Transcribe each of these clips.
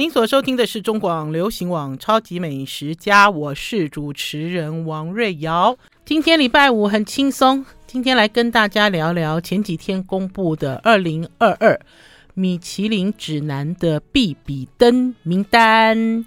您所收聽的是中廣流行網《超級美食家》，我是主持人王瑞瑤。今天禮拜五很輕鬆，今天來跟大家聊聊前幾天公布的二零二二米其林指南的必比登名單。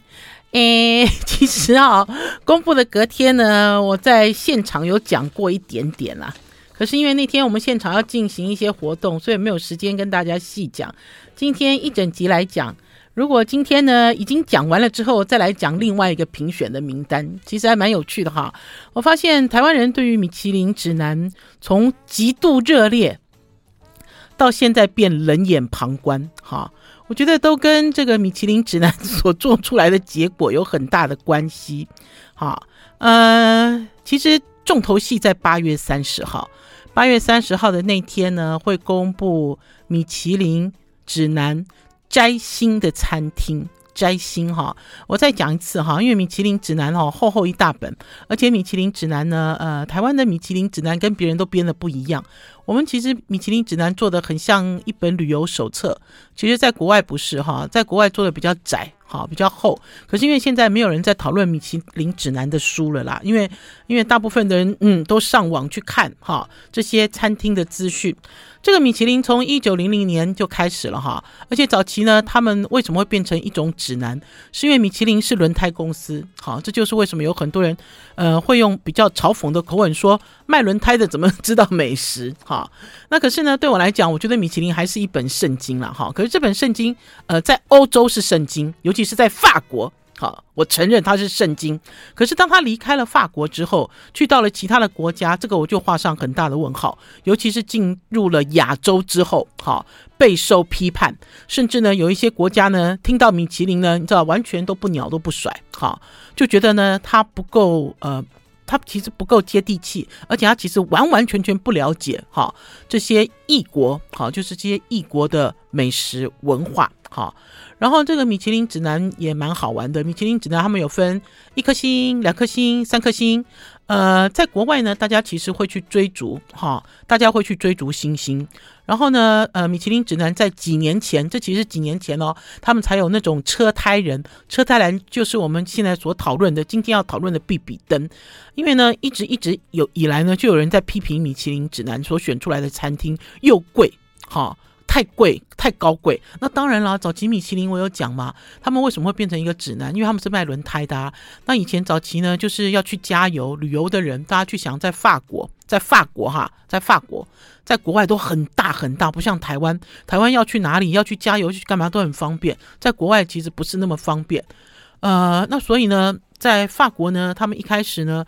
誒，其實啊，公布的隔天呢，我在現場有講過一點點啦、啊。可是因為那天我們現場要進行一些活動，所以沒有時間跟大家細講。今天一整集來講。如果今天呢，已經講完了之後，再來講另外一個評選的名單，其實還蠻有趣的哈。我發現台灣人對於米其林指南，從極度熱烈到現在變冷眼旁觀，哈，我覺得都跟這個米其林指南所做出來的結果有很大的關係，哈。呃，其實重頭戲在八月三十號，八月三十號的那天呢，會公布米其林指南。摘星的餐廳，摘星哈，我再講一次哈，因為米其林指南哈，厚厚一大本，而且米其林指南呢，呃，台灣的米其林指南跟別人都編的不一樣，我們其實米其林指南做的很像一本旅遊手冊，其實在國外不是哈，在國外做的比較窄。好，比較厚。可是因為現在沒有人在討論米其林指南的書了啦，因為因為大部分的人嗯都上網去看哈這些餐廳的資訊。這個米其林從一九零零年就開始了哈，而且早期呢，他們為什麼會變成一種指南？是因為米其林是輪胎公司。好，這就是為什麼有很多人呃會用比較嘲諷的口吻說。賣輪胎的怎麼知道美食？哈，那可是呢？對我來講，我覺得米其林還是一本聖經啦。哈，可是這本聖經，呃，在歐洲是聖經，尤其是在法國。好，我承認它是聖經。可是當他離開了法國之後，去到了其他的國家，這個我就畫上很大的問號。尤其是進入了亞洲之後，哈，備受批判，甚至呢，有一些國家呢，聽到米其林呢，你知道完全都不鳥都不甩，哈，就覺得呢，它不夠呃。他其實不夠接地氣，而且他其實完完全全不了解，哈這些異國，哈，就是這些異國的美食文化，哈。然後這個米其林指南也蠻好玩的，米其林指南他們有分一顆星、兩顆星、三顆星。呃，在國外呢，大家其實會去追逐哈、哦，大家會去追逐星星。然後呢，呃，米其林指南在幾年前，這其實幾年前哦，他們才有那種車胎人，車胎人就是我們現在所討論的，今天要討論的必比登。因為呢，一直一直有以來呢，就有人在批評米其林指南所選出來的餐廳又貴哈。哦太貴，太高貴。那當然了，早期米其林我有講嘛，他們為什麼會變成一個指南？因為他們是賣輪胎的啊。那以前早期呢，就是要去加油、旅遊的人，大家去想在法國，在法國哈，在法國，在國外都很大很大，不像台灣。台灣要去哪裡，要去加油去幹嘛都很方便，在國外其實不是那麼方便。呃，那所以呢，在法國呢，他們一開始呢。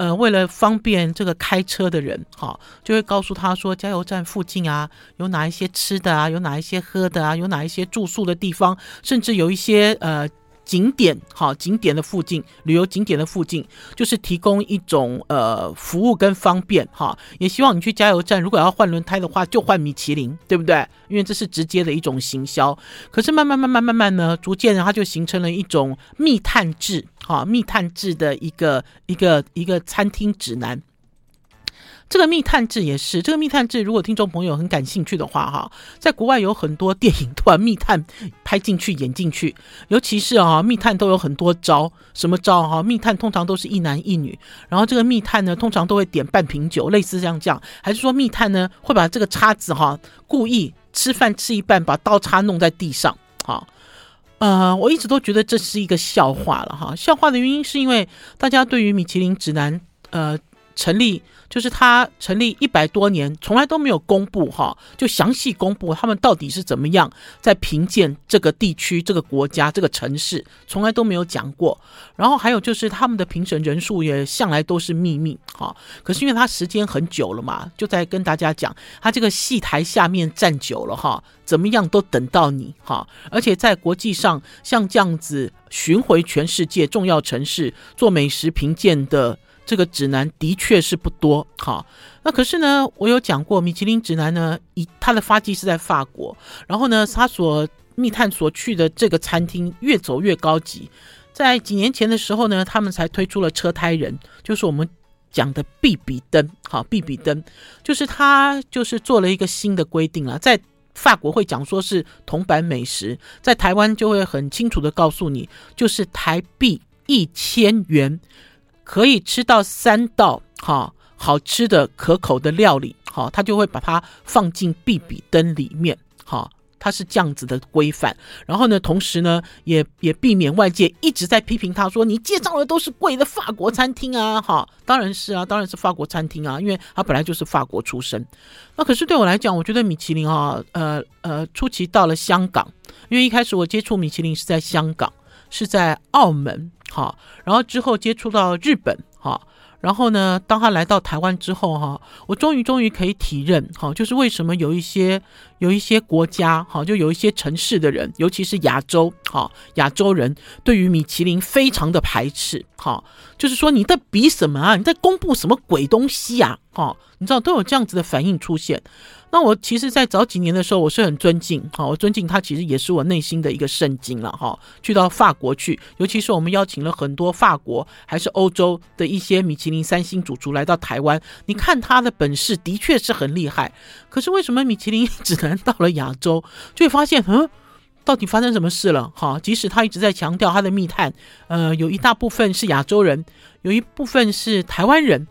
呃，為了方便這個開車的人，哈、哦，就會告訴他說，加油站附近啊，有哪一些吃的啊，有哪一些喝的啊，有哪一些住宿的地方，甚至有一些呃。景點哈，景點的附近，旅遊景點的附近，就是提供一種呃服務跟方便哈。也希望你去加油站，如果要換輪胎的話，就換米其林，對不對？因為這是直接的一種行銷。可是慢慢慢慢慢慢呢，逐漸它就形成了一種密探制哈，密探制的一個一個一個餐廳指南。這個密探制也是，這個密探制如果聽眾朋友很感興趣的話，哈，在國外有很多電影都把密探拍進去演進去，尤其是啊，密探都有很多招，什麼招哈、啊？密探通常都是一男一女，然後這個密探呢，通常都會點半瓶酒，類似像這樣講，還是說密探呢會把這個叉子哈、啊、故意吃飯吃一半，把刀叉弄在地上，好、啊，呃，我一直都覺得這是一個笑話了哈，笑話的原因是因為大家對於米其林指南，呃。成立，就是他成立一百多年，從來都沒有公布哈、哦，就詳細公布他們到底是怎麼樣在評鑑這個地區、這個國家、這個城市，從來都沒有講過。然後還有就是他們的評審人數也向來都是秘密哈、哦。可是因為他時間很久了嘛，就在跟大家講，他這個戲台下面站久了哈、哦，怎麼樣都等到你哈、哦。而且在國際上像這樣子巡迴全世界重要城市做美食評鑑的。這個指南的確是不多，好，那可是呢，我有講過，米其林指南呢，以它的發跡是在法國，然後呢，他所密探所去的這個餐廳越走越高級，在幾年前的時候呢，他們才推出了車胎人，就是我們講的必比登，好，必比登就是他就是做了一個新的規定了，在法國會講說是銅板美食，在台灣就會很清楚的告訴你，就是台幣一千元，可以吃到三道哈、哦，好吃的可口的料理，哈、哦，他就會把它放進必比登裡面，哈、哦，它是這樣子的規範。然後呢，同時呢，也也避免外界一直在批評他說你介紹的都是貴的法國餐廳啊，哈、哦，當然是啊，當然是法國餐廳啊，因為他本來就是法國出身。那可是對我來講，我覺得米其林啊，呃呃，初期到了香港，因為一開始我接觸米其林是在香港，是在澳門。好，然後之後接觸到日本，哈，然後呢，當他來到台灣之後，哈，我終於終於可以體認，哈，就是為什麼有一些有一些國家，哈，就有一些城市的人，尤其是亞洲，哈，亞洲人對於米其林非常的排斥，哈，就是說你在比什麼啊？你在公布什麼鬼東西呀、啊？好、哦，你知道都有這樣子的反應出現。那我其實，在早幾年的時候，我是很尊敬，哈、哦，我尊敬他，其實也是我內心的一個聖經了，哈、哦。去到法國去，尤其是我們邀請了很多法國還是歐洲的一些米其林三星主廚來到台灣，你看他的本事的確是很厲害。可是為什麼米其林指南到了亞洲，就會發現，嗯，到底發生什麼事了？哈、哦，即使他一直在強調他的密探，呃，有一大部分是亞洲人，有一部分是台灣人。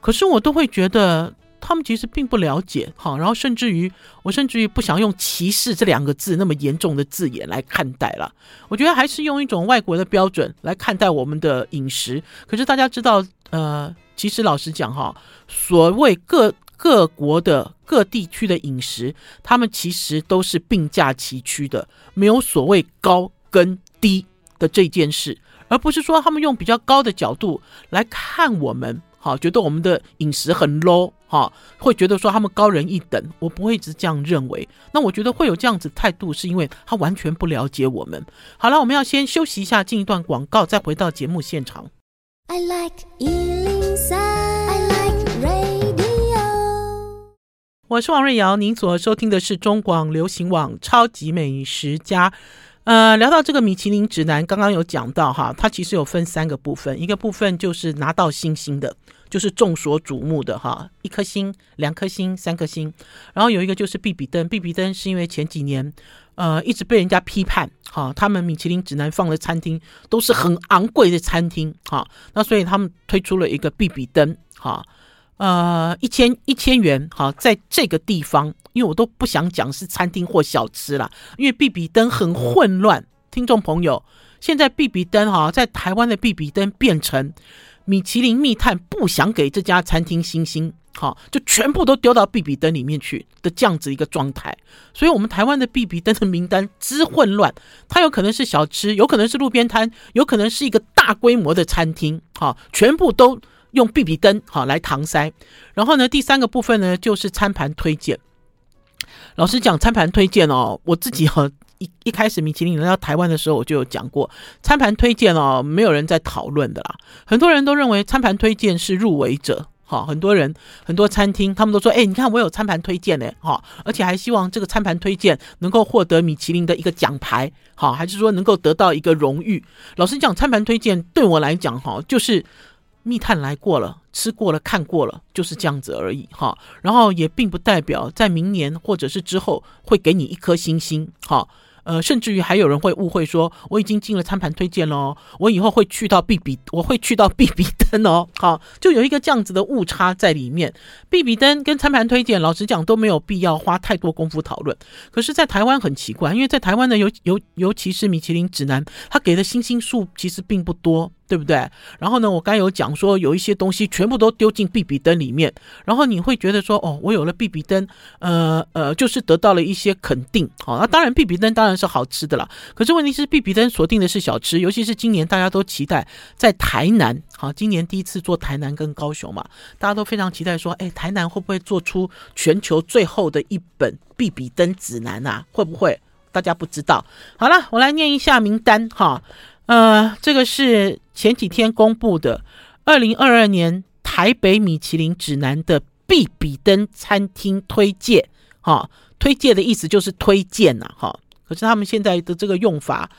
可是我都會覺得他們其實並不了解，哈，然後甚至於我甚至於不想用歧視這兩個字那麼嚴重的字眼來看待了。我覺得還是用一種外國的標準來看待我們的飲食。可是大家知道，呃，其實老實講，哈，所謂各各國的各地區的飲食，他們其實都是並駕齊驅的，沒有所謂高跟低的這件事，而不是說他們用比較高的角度來看我們。好，覺得我們的飲食很 low，哈，會覺得說他們高人一等，我不會一直這樣認為。那我覺得會有這樣子態度，是因為他完全不了解我們。好了，我們要先休息一下，進一段廣告，再回到節目現場。I like 103, I like Radio。我是王瑞瑤，您所收聽的是中廣流行網超級美食家。呃，聊到這個米其林指南，剛剛有講到哈，它其實有分三個部分，一個部分就是拿到星星的。就是眾所矚目的哈，一顆星、兩顆星、三顆星，然後有一個就是必比登。必比登是因為前幾年，呃，一直被人家批判哈，他們米其林指南放的餐廳都是很昂貴的餐廳哈，那所以他們推出了一個必比登哈，呃，一千一千元哈，在這個地方，因為我都不想講是餐廳或小吃啦，因為必比登很混亂。聽眾朋友，現在必比登哈，在台灣的必比登變成。米其林密探不想給這家餐廳星星，好，就全部都丟到必比登裡面去的這樣子一個狀態，所以我們台灣的必比登的名單之混亂，它有可能是小吃，有可能是路邊攤，有可能是一個大規模的餐廳，好，全部都用必比登好來搪塞。然後呢，第三個部分呢，就是餐盤推薦。老實講，餐盤推薦哦，我自己哈。一一開始，米其林來到台灣的時候，我就有講過餐盤推薦哦，沒有人在討論的啦。很多人都認為餐盤推薦是入圍者，哈，很多人很多餐廳，他們都說，哎、欸，你看我有餐盤推薦呢、欸，哈，而且還希望這個餐盤推薦能夠獲得米其林的一個獎牌，好，還是說能夠得到一個榮譽？老實講，餐盤推薦對我來講，哈，就是密探來過了，吃過了，看過了，就是這樣子而已，哈。然後也並不代表在明年或者是之後會給你一顆星星，哈。呃，甚至於還有人會誤會說，我已經進了餐盤推薦了，我以後會去到必比，我會去到必比登哦。好，就有一個這樣子的誤差在裡面。必比登跟餐盤推薦，老實講都沒有必要花太多功夫討論。可是，在台灣很奇怪，因為在台灣呢，尤尤尤其是米其林指南，它給的星星數其實並不多。對不對？然後呢，我剛有講說，有一些東西全部都丟進必比登裡面，然後你會覺得說，哦，我有了必比登，呃呃，就是得到了一些肯定。好、啊，那當然必比登當然是好吃的了。可是問題是，必比登鎖定的是小吃，尤其是今年大家都期待在台南，好、啊，今年第一次做台南跟高雄嘛，大家都非常期待說，誒、哎，台南會不會做出全球最後的一本必比登指南啊？會不會？大家不知道。好了，我來念一下名單，哈。呃，這個是前幾天公布的二零二二年台北米其林指南的必比登餐廳推薦，哈、哦，推薦的意思就是推薦吶、啊，哈、哦。可是他們現在的這個用法，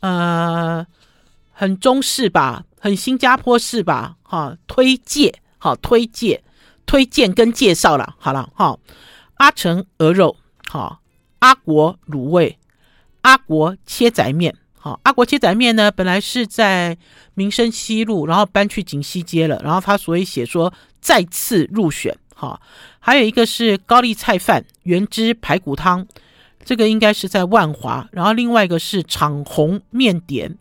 呃，很中式吧，很新加坡式吧，哈、哦，推介好、哦，推介推薦跟介紹了，好了，哈、哦，阿城鵝肉，哈、哦，阿國滷味，阿國切仔面。哦、阿國切仔麵呢，本來是在民生西路，然後搬去錦西街了。然後他所以寫說再次入選。哈、哦，還有一個是高麗菜飯原汁排骨湯，這個應該是在萬華。然後另外一個是昶鴻麵點，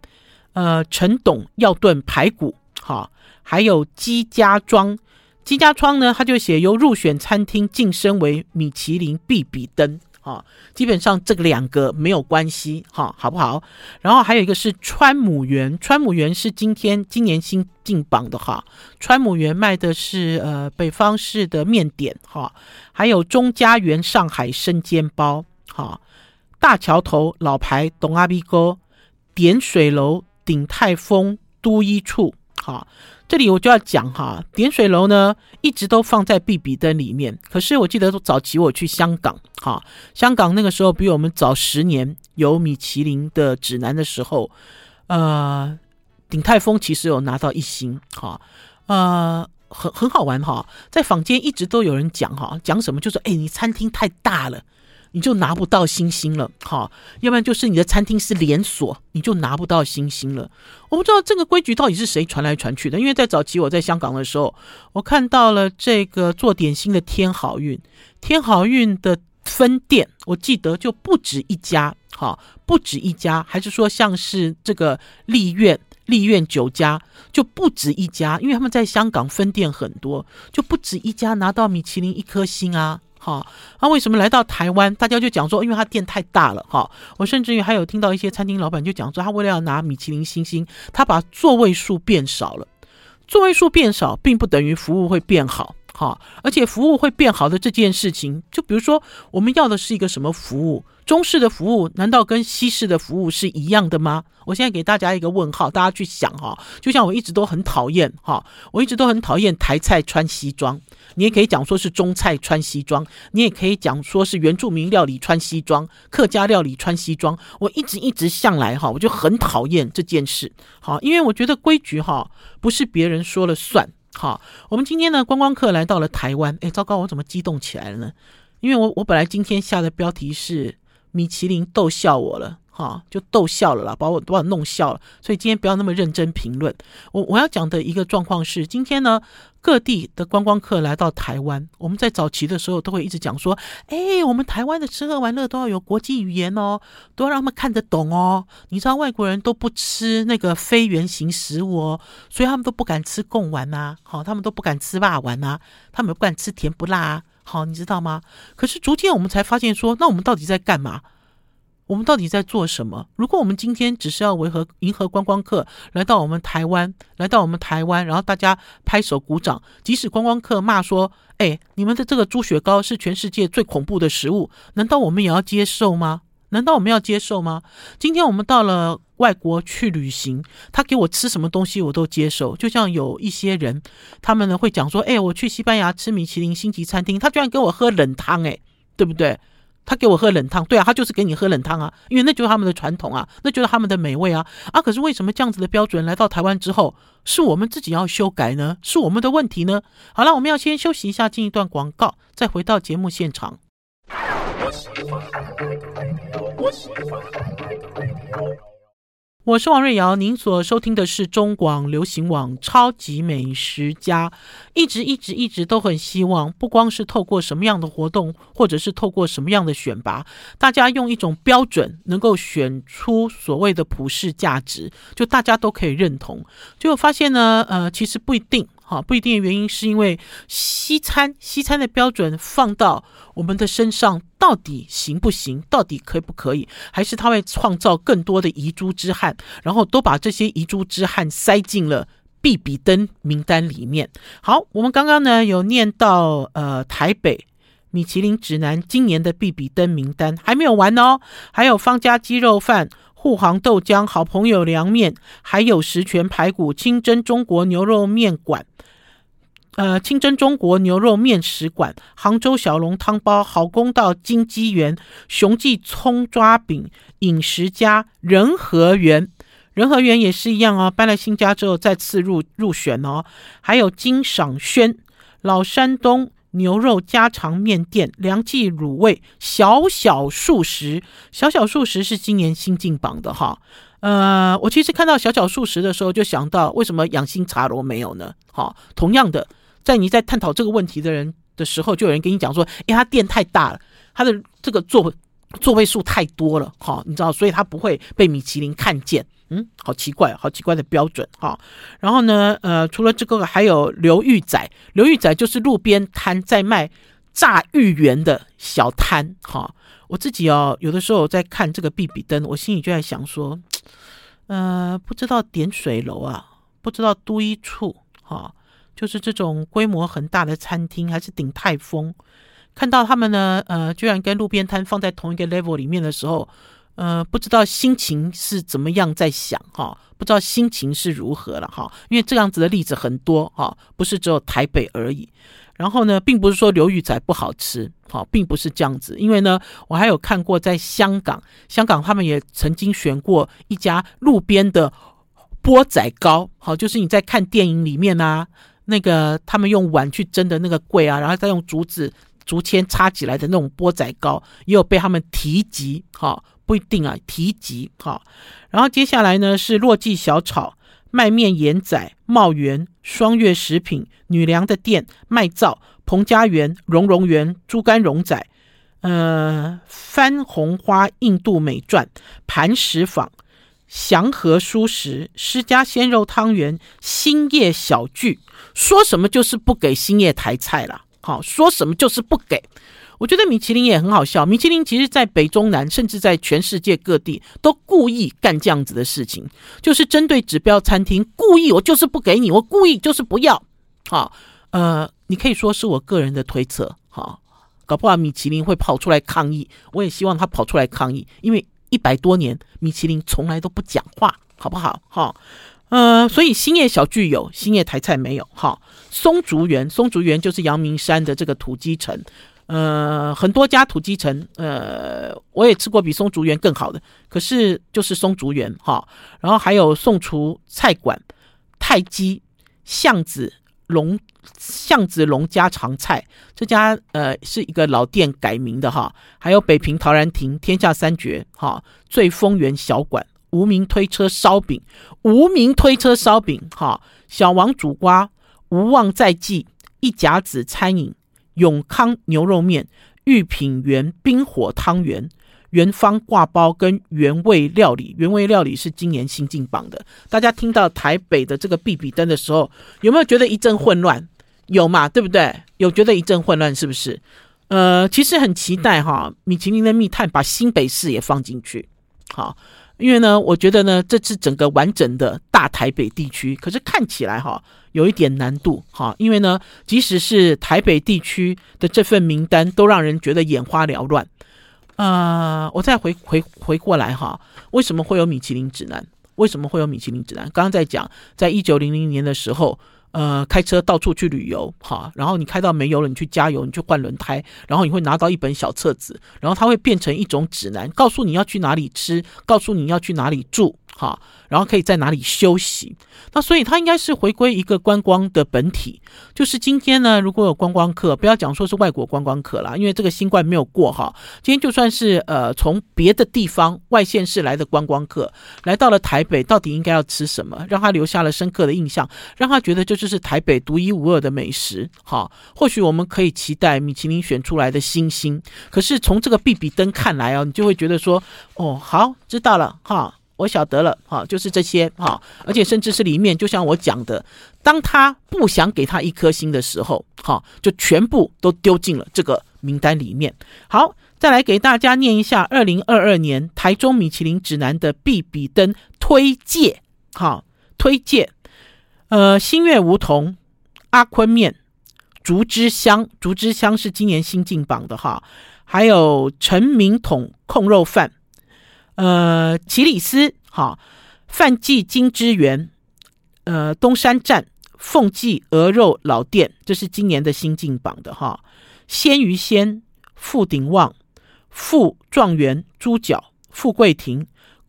呃，陳董藥燉排骨。哦、還有雞家莊，雞家莊呢，他就寫由入選餐廳晉升為米其林必比登。啊，基本上這兩個沒有關係哈，好不好？然後還有一個是川畝園，川畝園是今天今年新進榜的哈。川畝園賣的是呃北方式的麵點哈，還有鍾家原上海生煎包哈、大橋頭老牌筒仔米糕、點水樓、鼎泰豐、都一處哈。這裡我就要講哈，點水樓呢一直都放在必比登裡面。可是我記得早期我去香港哈，香港那個時候比我們早十年有米其林的指南的時候，呃，鼎泰豐其實有拿到一星哈，呃，很很好玩哈，在坊間一直都有人講哈，講什麼就是說，哎，你餐廳太大了。你就拿不到星星了，哈，要不然就是你的餐廳是連鎖，你就拿不到星星了。我不知道這個規矩到底是誰傳來傳去的，因為在早期我在香港的時候，我看到了這個做點心的添好運，添好運的分店，我記得就不止一家，哈，不止一家，還是說像是這個利苑，利苑酒家就不止一家，因為他們在香港分店很多，就不止一家拿到米其林一顆星啊。啊，為什麼來到台灣，大家就講說，因為他店太大了。啊，我甚至於還有聽到一些餐廳老板就講說，他為了要拿米其林星星，他把座位數變少了。座位數變少，並不等於服務會變好。好，而且服務會變好的這件事情，就比如說我們要的是一個什麼服務？中式的服務難道跟西式的服務是一樣的嗎？我現在給大家一個問號，大家去想哈。就像我一直都很討厭哈，我一直都很討厭台菜穿西裝，你也可以講說是中菜穿西裝，你也可以講說是原住民料理穿西裝，客家料理穿西裝。我一直一直向來哈，我就很討厭這件事。好，因為我覺得規矩哈不是別人說了算。好，我們今天呢，觀光客來到了臺灣。哎，糟糕，我怎麼激動起來了呢？因為我，我本來今天下的標題是米其林逗笑我了。哈、哦，就逗笑了啦，把我把我弄笑了。所以今天不要那麼認真評論。我我要講的一個狀況是，今天呢，各地的觀光客來到台灣，我們在早期的時候都會一直講說，哎，我們台灣的吃喝玩樂都要有國際語言哦，都要讓他們看得懂哦。你知道外國人都不吃那個非圓形食物，哦，所以他們都不敢吃貢丸吶，好、哦，他們都不敢吃辣丸吶、啊，他們不敢吃甜不辣，啊。好、哦，你知道嗎？可是逐漸我們才發現說，那我們到底在幹嘛？我們到底在做什麼？如果我們今天只是要維和迎合觀光客來到我們台灣，來到我們台灣，然後大家拍手鼓掌，即使觀光客罵說：“哎、欸，你們的這個豬血糕是全世界最恐怖的食物”，難道我們也要接受嗎？難道我們要接受嗎？今天我們到了外國去旅行，他給我吃什麼東西我都接受，就像有一些人，他們呢會講說：“哎、欸，我去西班牙吃米其林星級餐廳，他居然給我喝冷湯、欸，哎，對不對？”他給我喝冷湯，對啊，他就是給你喝冷湯啊，因為那就是他們的傳統啊，那就是他們的美味啊啊！可是為什麼這樣子的標準來到台灣之後，是我們自己要修改呢？是我們的問題呢？好了，我們要先休息一下，進一段廣告，再回到節目現場。 我是王瑞瑤，您所收聽的是中廣流行網《超級美食家》。一直、一直、一直都很希望，不光是透過什麼樣的活動，或者是透過什麼樣的選拔，大家用一種標準能夠選出所謂的普世價值，就大家都可以認同。就發現呢，呃，其實不一定。好，不一定的原因是因為西餐，西餐的標準放到我們的身上到底行不行？到底可以不可以？還是他會創造更多的遺珠之憾，然後都把這些遺珠之憾塞進了必比登名單裡面。好，我們剛剛呢有念到呃台北米其林指南今年的必比登名單還沒有完哦，還有方家雞肉飯。滬杭豆漿、好朋友涼麵，還有十全排骨、清真中國牛肉面館，呃，清真中國牛肉面食館、杭州小籠湯包、好公道金雞園、雄記蔥抓餅、飲食家、人和園，人和園也是一樣哦，搬來新家之後再次入入選哦，還有金賞軒、老山東。牛肉家常麵店、梁記滷味、小小素食、小小素食是今年新進榜的哈。呃，我其實看到小小素食的時候，就想到為什麼養心茶樓沒有呢？哈，同樣的，在你在探討這個問題的人的時候，就有人跟你講說，因為他店太大了，他的這個座位，座位數太多了，哈，你知道，所以他不會被米其林看見。嗯，好奇怪，好奇怪的標準哈、哦。然後呢，呃，除了這個，還有劉芋仔，劉芋仔就是路邊攤在賣炸芋圓的小攤哈、哦。我自己哦，有的時候我在看這個必比登，我心裡就在想說，呃，不知道點水樓啊，不知道都一處哈、哦，就是這種規模很大的餐廳，還是鼎泰豐？看到他們呢，呃，居然跟路邊攤放在同一個 level 裡面的時候。呃，不知道心情是怎麼樣在想哈、哦，不知道心情是如何了哈、哦，因為這樣子的例子很多哈、哦，不是只有台北而已。然後呢，並不是說流魚仔不好吃，好、哦，並不是這樣子。因為呢，我還有看過在香港，香港他們也曾經選過一家路邊的缽仔糕，好、哦，就是你在看電影裡面啊，那個他們用碗去蒸的那個粿啊，然後再用竹子竹籤插起來的那種缽仔糕，也有被他們提及，好、哦。不一定啊，提及好、哦，然後接下來呢是洛記小炒、賣面鹽仔、茂園雙月食品、女良的店、麥灶、彭家園、榮榮園、豬肝榮仔、呃、番紅花、印度美饌、磐石坊、祥和蔬食、施家鮮肉湯圓、欣葉小聚，說什麼就是不給欣葉台菜了，好、哦，說什麼就是不給。我覺得米其林也很好笑。米其林其實在北中南，甚至在全世界各地，都故意幹這樣子的事情，就是針對指標餐廳，故意我就是不給你，我故意就是不要。哈、哦，呃，你可以說是我個人的推測，哈、哦。搞不好米其林會跑出來抗議，我也希望他跑出來抗議，因為一百多年米其林從來都不講話，好不好？哈、哦，呃，所以欣葉小聚有，欣葉台菜沒有。哈、哦，松竹園，松竹園就是陽明山的這個土雞城。呃，很多家土雞城，呃，我也吃過比松竹園更好的，可是就是松竹園哈、哦。然後還有宋廚菜館、太極巷子龍巷子龍家常菜，這家呃是一個老店改名的哈、哦。還有北平陶然亭天下三絕哈，醉楓園小館、無名推車燒餅、無名推車燒餅哈、哦，小王煮瓜、無望在即、一甲子餐飲、永康牛肉麵、御品元冰火湯圓、源芳刈包跟原味料理，原味料理是今年新進榜的。大家聽到台北的這個必比登的時候，有沒有覺得一陣混亂？有嘛？對不對？有覺得一陣混亂是不是？呃，其實很期待哈，米其林的密探把新北市也放進去，好。因為呢，我覺得呢，這次整個完整的大台北地區，可是看起來哈，有一點難度哈。因為呢，即使是台北地區的這份名單，都讓人覺得眼花繚亂。呃，我再回回回過來哈，為什麼會有米其林指南？為什麼會有米其林指南？剛剛在講，在一九零零年的時候。呃，開車到處去旅遊，哈，然後你開到沒油了，你去加油，你去換輪胎，然後你會拿到一本小冊子，然後它會變成一種指南，告訴你要去哪裡吃，告訴你要去哪裡住。好，然後可以在哪裡休息？那所以它應該是回歸一個觀光的本體，就是今天呢，如果有觀光客，不要講說是外國觀光客啦，因為這個新冠沒有過哈。今天就算是呃從別的地方外縣市來的觀光客，來到了台北，到底應該要吃什麼，讓他留下了深刻的印象，讓他覺得這就是台北獨一無二的美食。好，或許我們可以期待米其林選出來的星星。可是從這個必比登看來哦、啊，你就會覺得說，哦，好，知道了哈。我曉得了，哈，就是這些，哈，而且甚至是裡面，就像我講的，當他不想給他一顆星的時候，哈，就全部都丟進了這個名單裡面。好，再來給大家念一下二零二二年台中米其林指南的必比登推薦，哈，推薦，呃，新月梧桐、阿坤麵、竹之鄉，竹之鄉是今年新進榜的哈，還有陳明統控肉飯。呃，奇里斯哈、哦、范記金之園、呃，東山站鳳記鵝肉老店，這是今年的新進榜的哈。鮮、哦、魚鮮、富鼎旺、富狀元豬腳、富貴亭、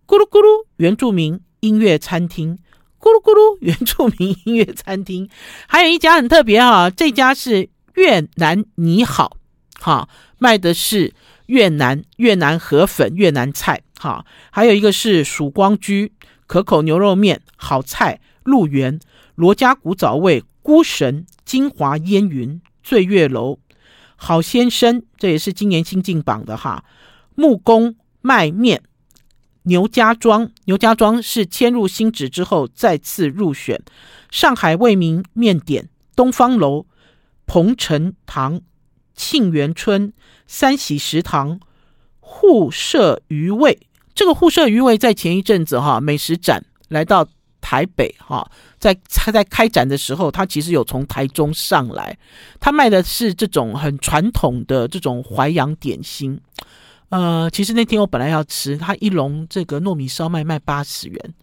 咕嚕咕嚕原住民音樂餐廳、咕嚕咕嚕原住民音樂餐廳，還有一家很特別哈、哦，這家是越南你好哈、哦，賣的是越南、越南河粉、越南菜。好、啊，還有一個是曙光居，可口牛肉麵，好菜，鹿園，羅家古早味，菇神，京華煙雲，醉月樓，郝先生，這也是今年新進榜的哈。木工麥麵，牛家莊，牛家莊是遷入新址之後再次入選。上海未名麵點，東方樓，彭城堂，沁園春，三喜食堂，滬舍餘味。這個滬舍餘味在前一陣子哈美食展來到台北哈，在他在開展的時候，他其實有從台中上來，他賣的是這種很傳統的這種淮揚點心，呃，其實那天我本來要吃他一籠這個糯米燒麥賣八十元，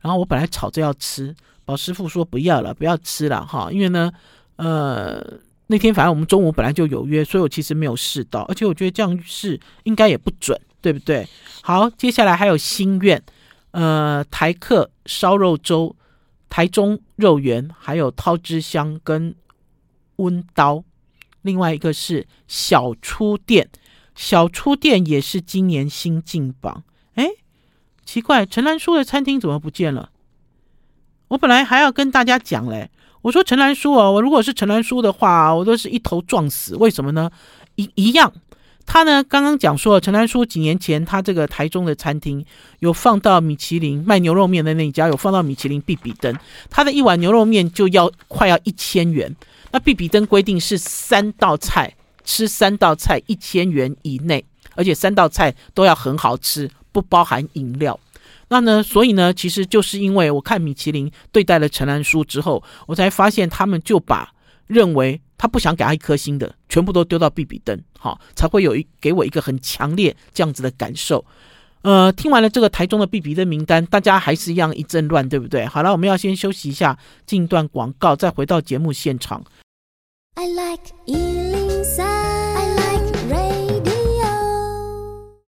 然後我本來吵着要吃，保師傅說不要了，不要吃了哈，因為呢，呃，那天反正我們中午本來就有約，所以我其實沒有試到，而且我覺得這樣試應該也不準。對不對？好，接下來還有心願，呃，台客燒肉粥、台中肉圓、還有掏汁香跟溫刀，另外一個是小初店，小初店也是今年新進榜。哎，奇怪，陳嵐舒的餐廳怎麼不見了？我本來還要跟大家講嘞，我說陳嵐舒哦，我如果是陳嵐舒的話，我都是一頭撞死，為什麼呢？一一樣。他呢，剛剛講說了陳嵐舒幾年前，他這個台中的餐廳有放到米其林，賣牛肉麵的那家有放到米其林必比登，他的一碗牛肉麵就要快要一千元。那必比登規定是三道菜，吃三道菜一千元以內，而且三道菜都要很好吃，不包含飲料。那呢，所以呢，其實就是因為我看米其林對待了陳嵐舒之後，我才發現他們就把認為。他不想給他一顆星的，全部都丟到必比登，好、哦，才會有一給我一個很強烈這樣子的感受。呃，聽完了這個台中的必比登名單，大家還是一樣一陣亂，對不對？好了，我們要先休息一下，進一段廣告，再回到節目現場。I like 103, I like radio。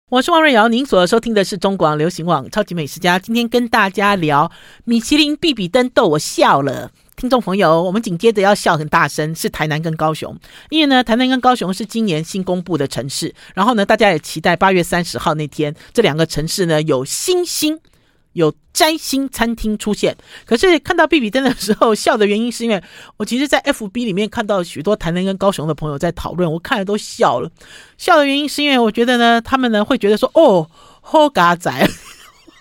我是王瑞瑤，您所收聽的是中廣流行網超級美食家，今天跟大家聊米其林必比登，逗我笑了。聽眾朋友，我們緊接着要笑很大聲，是台南跟高雄，因為呢，台南跟高雄是今年新公布的城市。然後呢，大家也期待八月三十號那天，這兩個城市呢有新星，星，有摘星餐廳出現。可是看到必比登的時候笑的原因，是因為我其實，在 F B 裡面看到許多台南跟高雄的朋友在討論，我看了都笑了。笑的原因是因為我覺得呢，他們呢會覺得說，哦，好佳哉。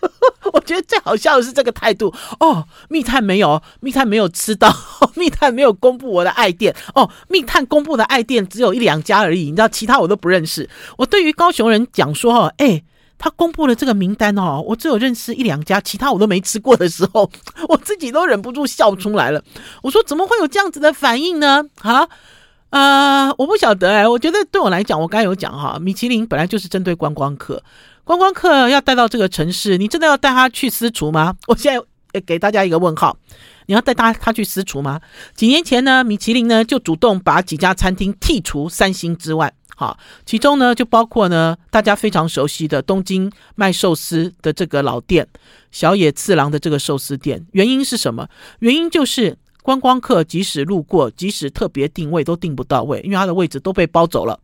我覺得最好笑的是這個態度哦，密探沒有，密探沒有吃到，密探沒有公布我的愛店哦，密探公布的愛店只有一兩家而已，你知道，其他我都不認識。我對於高雄人講說哦，哎、欸，他公布了這個名單哦，我只有認識一兩家，其他我都沒吃過的時候，我自己都忍不住笑出來了。我說怎麼會有這樣子的反應呢？啊，呃，我不曉得哎、欸，我覺得對我來講，我剛有講哈，米其林本來就是針對觀光客。觀光客要帶到這個城市，你真的要帶他去私廚嗎？我現在給大家一個問號，你要帶他他去私廚嗎？幾年前呢，米其林呢就主動把幾家餐廳剔除三星之外，好，其中呢就包括呢大家非常熟悉的東京賣壽司的這個老店小野次郎的這個壽司店，原因是什麼？原因就是觀光客即使路過，即使特別定位都訂不到位，因為他的位置都被包走了，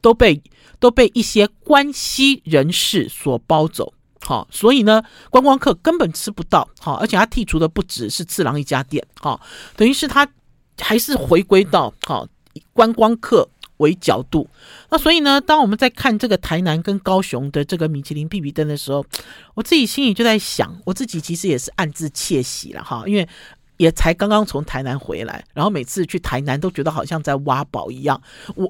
都被。都被一些關係人士所包走，好、哦，所以呢，觀光客根本吃不到，好、哦，而且他剔除的不只是次郎一家店，好、哦，等於是他還是回歸到好、哦、以觀光客為角度。那所以呢，當我們在看這個台南跟高雄的這個米其林必比登的時候，我自己心裡就在想，我自己其實也是暗自竊喜了哈，因為也才剛剛從台南回來，然後每次去台南都覺得好像在挖寶一樣，我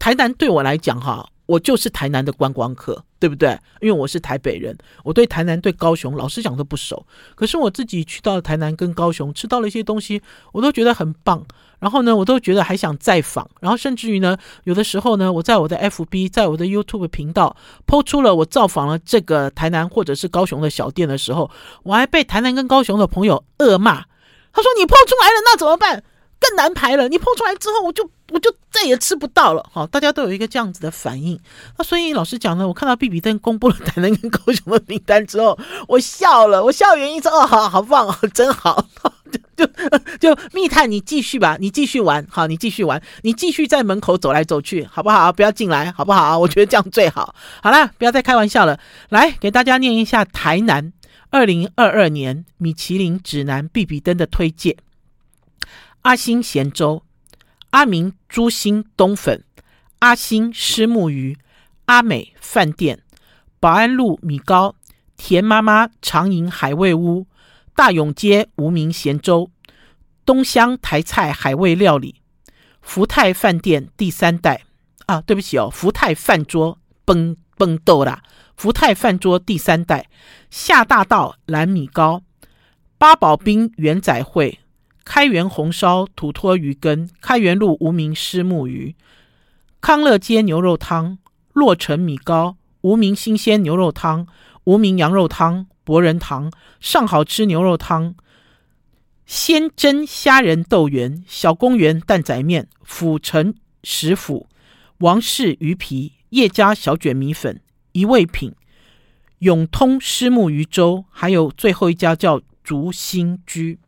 台南對我來講哈。我就是台南的觀光客，對不對？因為我是台北人，我對台南、對高雄，老實講都不熟。可是我自己去到了台南跟高雄，吃到了一些東西，我都覺得很棒。然後呢，我都覺得還想再訪。然後甚至於呢，有的時候呢，我在我的 FB，在我的 YouTube 頻道，PO 出了我造訪了這個台南或者是高雄的小店的時候，我還被台南跟高雄的朋友惡罵。他說：“你 PO 出來了，那怎麼辦？更難排了。你 PO 出來之後，我就……”我就再也吃不到了。好、哦，大家都有一個這樣子的反應。那所以老實講呢，我看到必比登公布了台南跟高雄的名單之後，我笑了。我笑原因是哦，好，好棒哦，真好。就就，就密探，你繼續吧，你繼續玩，好，你繼續玩，你繼續在門口走來走去，好不好、啊？不要進來，好不好、啊？我覺得這樣最好。好啦，不要再開玩笑了。來，給大家念一下台南二零二二年米其林指南必比登的推薦：阿星鹹粥。阿明豬心冬粉，阿興、虱目魚，阿美飯店，保安路米糕，田媽媽長盈海味屋，大勇街無名鹹粥，東鄉台菜海味料理，福泰飯店第三代啊，對不起哦，福泰飯桌崩崩豆啦，福泰飯桌第三代，下大道藍米糕，八寶冰圓仔會。開元紅燒土魠魚羹，開元路無名虱目魚，康樂街牛肉湯，洛城米糕，無名新鮮牛肉湯，無名羊肉湯，博仁堂上好吃牛肉湯，鮮蒸蝦仁豆圓，小公園擔仔麵，府城食府，王氏魚皮，葉家小卷米粉，一味品，永通虱目魚粥，還有最後一家叫竹心居。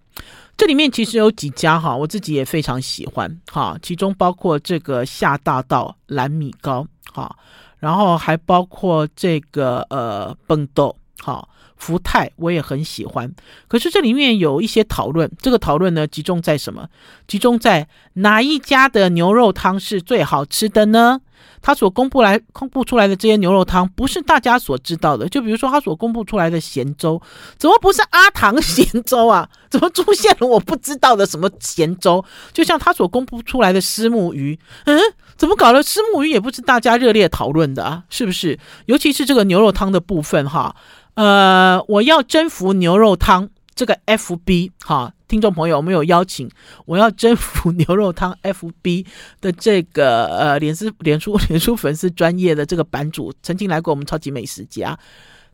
這裡面其實有幾家哈，我自己也非常喜歡哈，其中包括這個下大道藍米糕哈，然後還包括這個呃蹦豆哈福泰，我也很喜歡。可是這裡面有一些討論，這個討論呢集中在什麼？集中在哪一家的牛肉湯是最好吃的呢？他所公布來公布出來的這些牛肉湯，不是大家所知道的。就比如說他所公布出來的鹹粥，怎麼不是阿唐鹹粥啊？怎麼出現了我不知道的什麼鹹粥？就像他所公布出來的虱目魚，嗯，怎麼搞的？虱目魚也不是大家熱烈討論的啊，是不是？尤其是這個牛肉湯的部分，哈，呃，我要征服牛肉湯這個 FB，哈。聽眾朋友，我們有邀請我要征服牛肉湯 F B 的這個呃臉書、臉書臉書粉絲專業的這個版主，曾經來過我們超級美食家，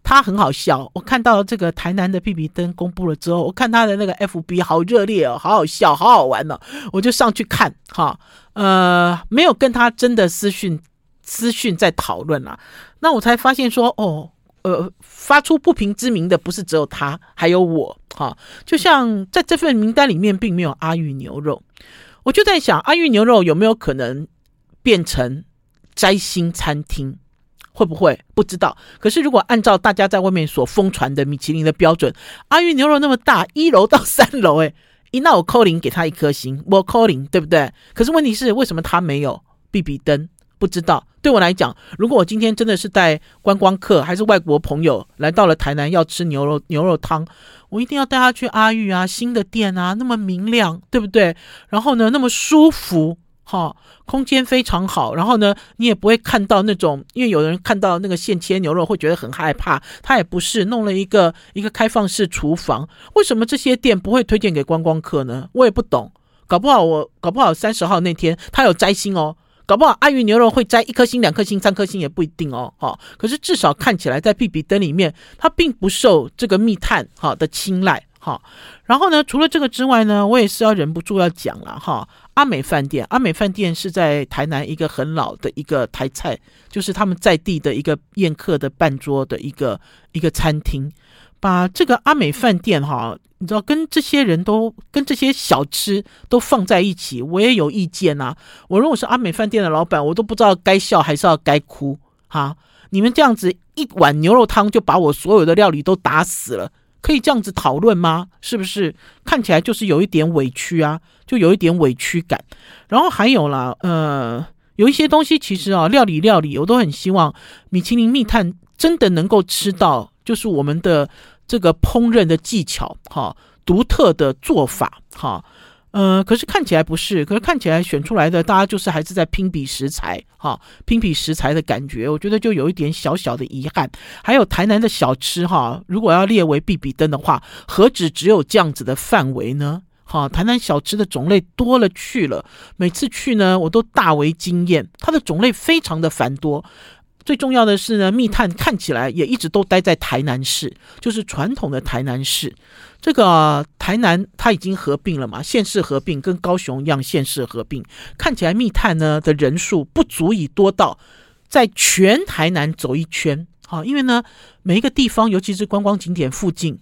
他很好笑。我看到這個台南的必比登公布了之後，我看他的那個 F B 好熱烈哦，好好笑，好好玩哦，我就上去看哈，呃，沒有跟他真的私訊私訊在討論啊，那我才發現說哦。呃，發出不平之鳴的不是只有他，還有我哈、啊。就像在這份名單裡面，並沒有阿裕牛肉，我就在想阿裕牛肉有沒有可能變成摘星餐廳？會不會？不知道。可是如果按照大家在外面所瘋傳的米其林的標準，阿裕牛肉那麼大，一樓到三樓，誒，一那我扣零給他一顆星，我扣零，對不對？可是問題是為什麼他沒有必比登？不知道，對我來講，如果我今天真的是帶觀光客還是外國朋友來到了台南要吃牛肉、牛肉湯，我一定要帶他去阿裕啊，新的店啊，那麼明亮，對不對？然後呢，那麼舒服，哈，空間非常好。然後呢，你也不會看到那種，因為有人看到那個現切牛肉會覺得很害怕。他也不是弄了一個一個開放式廚房，為什麼這些店不會推薦給觀光客呢？我也不懂。搞不好我搞不好三十號那天他有摘星哦。搞不好阿裕牛肉會摘一顆星、兩顆星、三顆星也不一定哦。哈、哦，可是至少看起來在必比登裡面，它並不受這個密探哈、哦、的青睞哈、哦。然後呢，除了這個之外呢，我也是要忍不住要講了哈、哦。阿美飯店，阿美飯店是在台南一個很老的一個台菜，就是他們在地的一個宴客的辦桌的一個一個餐廳。把這個阿美飯店哈，啊，你知道跟這些人都跟這些小吃都放在一起，我也有意見啊，我如果是阿美飯店的老板，我都不知道該笑還是要該哭，啊？你們這樣子一碗牛肉湯就把我所有的料理都打死了，可以這樣子討論嗎？是不是看起來就是有一點委屈啊，就有一點委屈感。然後還有啦，呃，有一些東西其實啊，料理料理，我都很希望米其林密探真的能夠吃到，就是我們的。這個烹飪的技巧，哈、哦，獨特的做法，哈、哦，呃，可是看起來不是，可是看起來選出來的，大家就是還是在拼比食材，哈、哦，拼比食材的感覺，我覺得就有一點小小的遺憾。還有台南的小吃，哈、哦，如果要列為必比登的話，何止只有這樣子的範圍呢？哈、哦，台南小吃的種類多了去了，每次去呢，我都大為驚豔，它的種類非常的繁多。最重要的是呢，密探看起來也一直都待在台南市，就是傳統的台南市。這個、啊、台南它已經合併了嘛，縣市合併跟高雄一樣，縣市合併。看起來密探呢的人數不足以多到在全台南走一圈啊，因為呢每一個地方，尤其是觀光景點附近，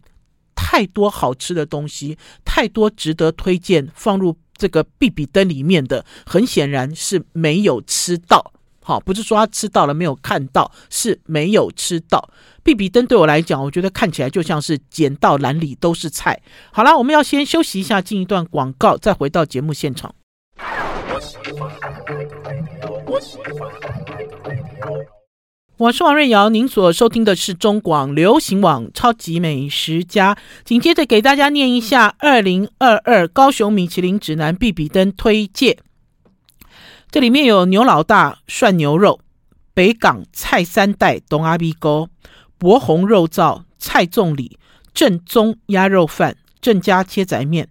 太多好吃的東西，太多值得推薦放入這個必比登裡面的，很顯然是沒有吃到。好、哦，不是說他吃到了沒有看到，是沒有吃到。必比登對我來講，我覺得看起來就像是撿到籃裡都是菜。好啦，我們要先休息一下，進一段廣告，再回到節目現場。我是王瑞瑤，您所收聽的是中廣流行網《超級美食家》。緊接着給大家念一下《二零二二高雄米其林指南》必比登推薦。這裡面有牛老大涮牛肉、北港蔡三代東阿 B 溝、博紅肉燥、菜粽裡正宗鴨肉飯、鄭家切仔麵、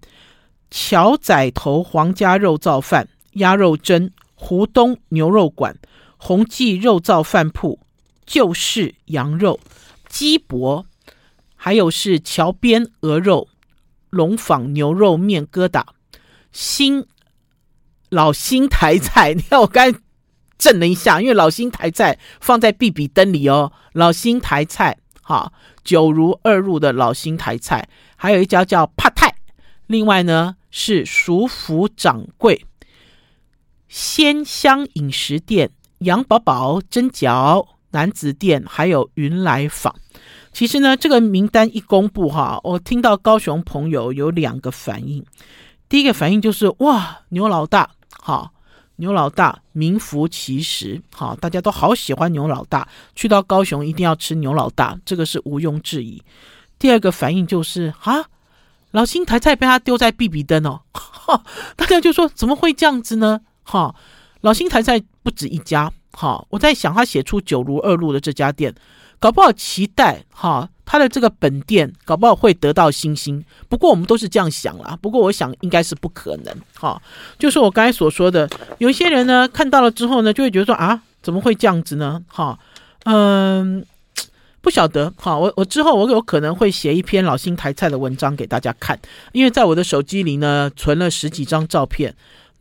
橋仔頭黃家肉燥飯、鴨肉蒸、湖東牛肉館、宏記肉燥飯鋪、舊市羊肉、雞脖，還有是橋邊鵝肉、龍坊牛肉麵疙瘩、新。老新台菜，你看我剛才震了一下，因為老新台菜放在必比登裡哦。老新台菜，哈，九如二路的老新台菜，還有一家叫帕泰。另外呢，是熟福掌櫃、鮮香飲食店、楊寶寶蒸餃、男子店，還有雲來坊。其實呢，這個名單一公布哈，我聽到高雄朋友有兩個反應，第一個反應就是哇，牛老大。好，牛老大名副其實，好，大家都好喜歡牛老大，去到高雄一定要吃牛老大，這個是毋庸置疑。第二個反應就是啊，老新台菜被他丟在必比登哦，大家就說怎麼會這樣子呢？哈，老新台菜不止一家，哈，我在想他寫出九如二路的這家店，搞不好期待哈。他的這個本店搞不好會得到星星，不過我們都是這樣想啦。不過我想應該是不可能哈，就是我剛才所說的，有一些人呢看到了之後呢，就會覺得說啊，怎麼會這樣子呢？哈，嗯，不曉得哈，我我之後我有可能會寫一篇老新台菜的文章給大家看，因為在我的手機裡呢存了十幾張照片。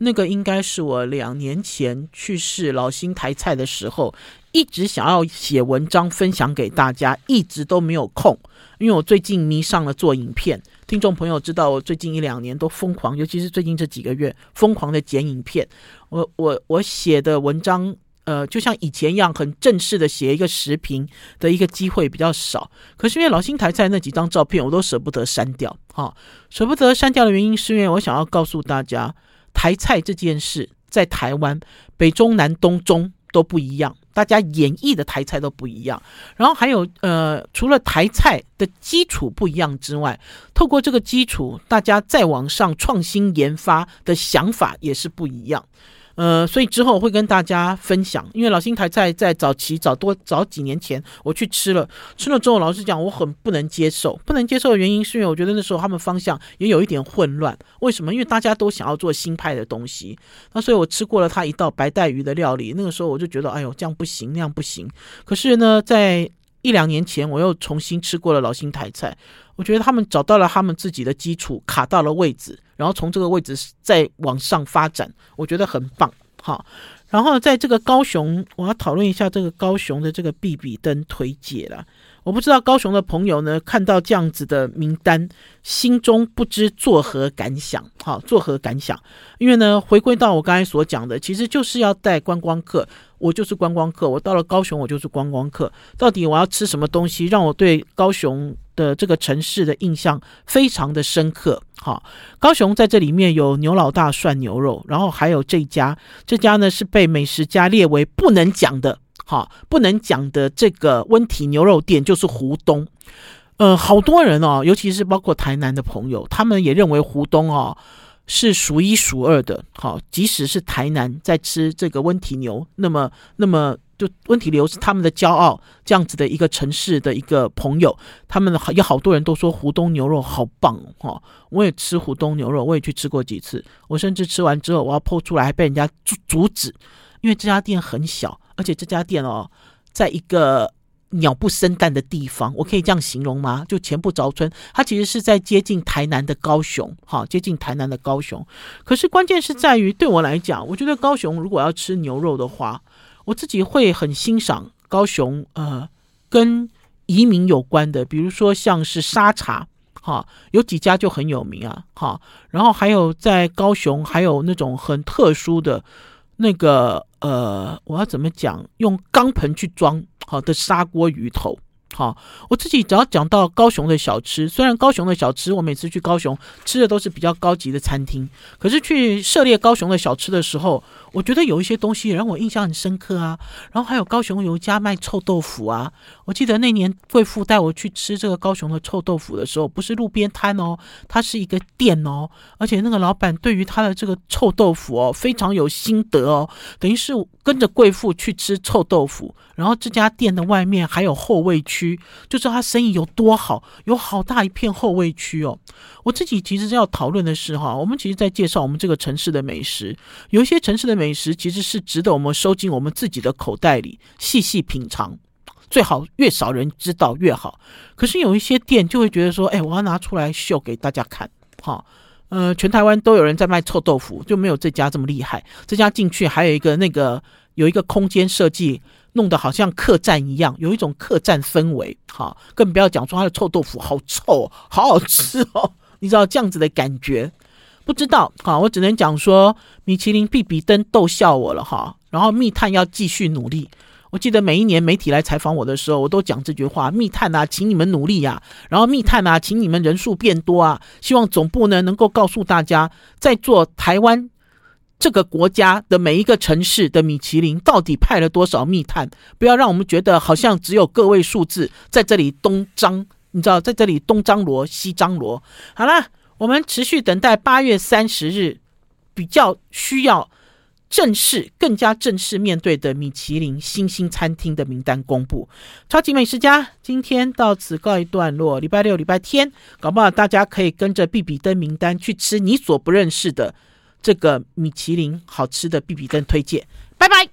那個應該是我兩年前去世老新台菜的時候，一直想要寫文章分享給大家，一直都沒有空。因為我最近迷上了做影片，聽眾朋友知道，我最近一兩年都瘋狂，尤其是最近這幾個月瘋狂的剪影片。我我我寫的文章，呃，就像以前一樣很正式的寫一個食評的一個機會比較少。可是因為老新台菜那幾張照片，我都捨不得刪掉。哈、哦，舍不得刪掉的原因是，因為我想要告訴大家。台菜這件事，在台灣北中南東中都不一樣，大家演繹的台菜都不一樣。然後還有呃，除了台菜的基礎不一樣之外，透過這個基礎，大家再往上創新研發的想法也是不一樣。呃，所以之後我會跟大家分享，因為老新台菜在，在早期早多早幾年前我去吃了，吃了之後老實講我很不能接受，不能接受的原因是因為我覺得那時候他們方向也有一點混亂，為什麼？因為大家都想要做新派的東西，那所以我吃過了他一道白帶魚的料理，那個時候我就覺得哎呦這樣不行那樣不行，可是呢在一兩年前我又重新吃過了老新台菜。我覺得他們找到了他們自己的基礎，卡到了位置，然後從這個位置再往上發展，我覺得很棒。好，然後在這個高雄，我要討論一下這個高雄的這個必比登推介了。我不知道高雄的朋友呢，看到這樣子的名單，心中不知作何感想？好，作何感想？因為呢，回歸到我剛才所講的，其實就是要帶觀光客。我就是觀光客，我到了高雄，我就是觀光客。到底我要吃什麼東西，讓我對高雄的這個城市的印象非常的深刻？好，高雄在這裡面有牛老大涮牛肉，然後還有這家，這家呢是被美食家列為不能講的，哈，不能講的這個溫體牛肉店就是湖東。呃，好多人哦，尤其是包括台南的朋友，他們也認為湖東哦。是數一數二的，好，即使是台南在吃這個溫體牛，那麼那麼就溫體牛是他們的驕傲，這樣子的一個城市的一個朋友，他們好有好多人都說湖東牛肉好棒，我也吃湖東牛肉，我也去吃過幾次，我甚至吃完之後我要 PO 出來還被人家阻阻止，因為這家店很小，而且這家店哦，在一個。鳥不生蛋的地方，我可以這樣形容嗎？就前不着村，它其實是在接近台南的高雄，哈，接近台南的高雄。可是關鍵是在於，對我來講，我覺得高雄如果要吃牛肉的話，我自己會很欣賞高雄，呃，跟移民有關的，比如說像是沙茶，哈，有幾家就很有名啊，哈。然後還有在高雄，還有那種很特殊的。那個呃，我要怎麼講？用鋼盆去裝好的砂鍋魚頭，好、哦，我自己只要講到高雄的小吃。雖然高雄的小吃，我每次去高雄吃的都是比較高級的餐廳，可是去涉獵高雄的小吃的時候，我覺得有一些東西讓我印象很深刻啊。然後還有高雄有一家賣臭豆腐啊。我記得那年貴婦帶我去吃這個高雄的臭豆腐的時候，不是路邊攤哦，它是一個店哦，而且那個老闆對於他的這個臭豆腐哦非常有心得哦，等於是跟着貴婦去吃臭豆腐。然後這家店的外面還有候位區，就知道他生意有多好，有好大一片候位區哦。我自己其實要討論的是哈，我們其實在介紹我們這個城市的美食，有一些城市的美食其實是值得我們收進我們自己的口袋裡細細品嘗。最好越少人知道越好。可是有一些店就會覺得說，哎、欸，我要拿出來秀給大家看，哈、哦，嗯、呃，全台灣都有人在賣臭豆腐，就沒有這家這麼厲害。這家進去還有一個那個有一個空間設計，弄得好像客棧一樣，有一種客棧氛圍，哈、哦，更不要講說它的臭豆腐好臭，好好吃哦。你知道這樣子的感覺？不知道，哈、哦，我只能講說米其林必比登逗笑我了，哈、哦，然後密探要繼續努力。我記得每一年媒體來採訪我的時候，我都講這句話：密探啊，請你們努力呀、啊；然後密探啊，請你們人數變多啊。希望總部呢能夠告訴大家，在做台灣這個國家的每一個城市的米其林到底派了多少密探，不要讓我們覺得好像只有個位數字在這裡東張，你知道，在這裡東張羅西張羅。好啦，我們持續等待八月三十日，比較需要。正式更加正式面對的米其林星星餐廳的名單公布，超級美食家今天到此告一段落。禮拜六、禮拜天，搞不好大家可以跟着必比登名單去吃你所不認識的這個米其林好吃的必比登推薦。拜拜。